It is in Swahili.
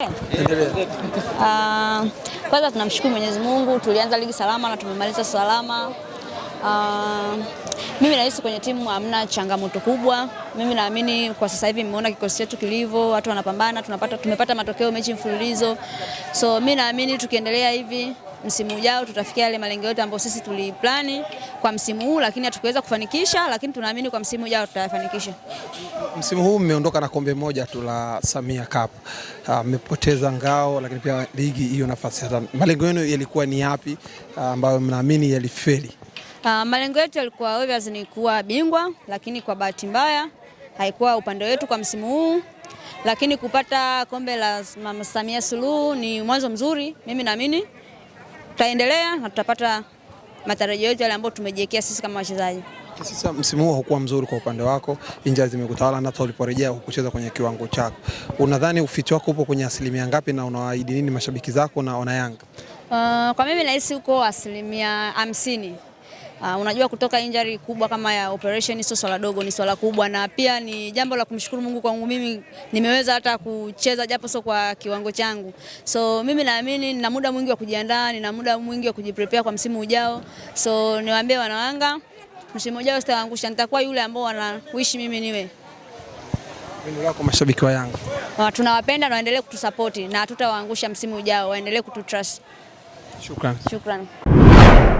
Uh, kwanza tunamshukuru Mwenyezi Mungu, tulianza ligi salama na tumemaliza salama. Uh, mimi nahisi kwenye timu hamna changamoto kubwa. Mimi naamini kwa sasa hivi mmeona kikosi chetu kilivyo, watu wanapambana, tunapata tumepata matokeo mechi mfululizo, so mi naamini tukiendelea hivi msimu ujao tutafikia yale malengo yote ambayo sisi tuliplani kwa msimu huu, lakini hatukuweza kufanikisha, lakini tunaamini kwa msimu ujao tutayafanikisha. Msimu huu mmeondoka na kombe moja tu la Samia Cup, ah, mmepoteza ngao, lakini pia ligi hiyo nafasi. Hata malengo yenu yalikuwa ni yapi ah, ambayo mnaamini yalifeli? Ah, malengo yetu yalikuwa obvious ni kuwa bingwa, lakini kwa bahati mbaya haikuwa upande wetu kwa msimu huu lakini kupata kombe la Mama Samia Suluhu ni mwanzo mzuri, mimi naamini tutaendelea na tutapata matarajio yetu yale ambayo tumejiwekea sisi kama wachezaji. Sasa msimu huu haukuwa mzuri kwa upande wako, inja zimekutawala na hata uliporejea hukucheza kwenye kiwango chako. Unadhani ufiti wako upo kwenye asilimia ngapi na unawaahidi nini mashabiki zako na wana Yanga? Uh, kwa mimi nahisi uko asilimia hamsini. Uh, unajua kutoka injury kubwa kama ya operation sio swala dogo, ni swala kubwa, na pia ni jambo la kumshukuru Mungu. Kwangu mimi nimeweza hata kucheza japo sio kwa kiwango changu, so mimi naamini nina muda mwingi wa kujiandaa, nina muda mwingi wa kujiprepare kwa msimu ujao. So niwaambie wanawanga, msimu ujao sitawaangusha, nitakuwa yule ambao wanawishi mimi niwe. Neno lako mashabiki wa Yanga? Uh, tunawapenda na waendelee kutusapoti na hatutawaangusha msimu ujao, waendelee kututrust. Shukrani. Shukrani.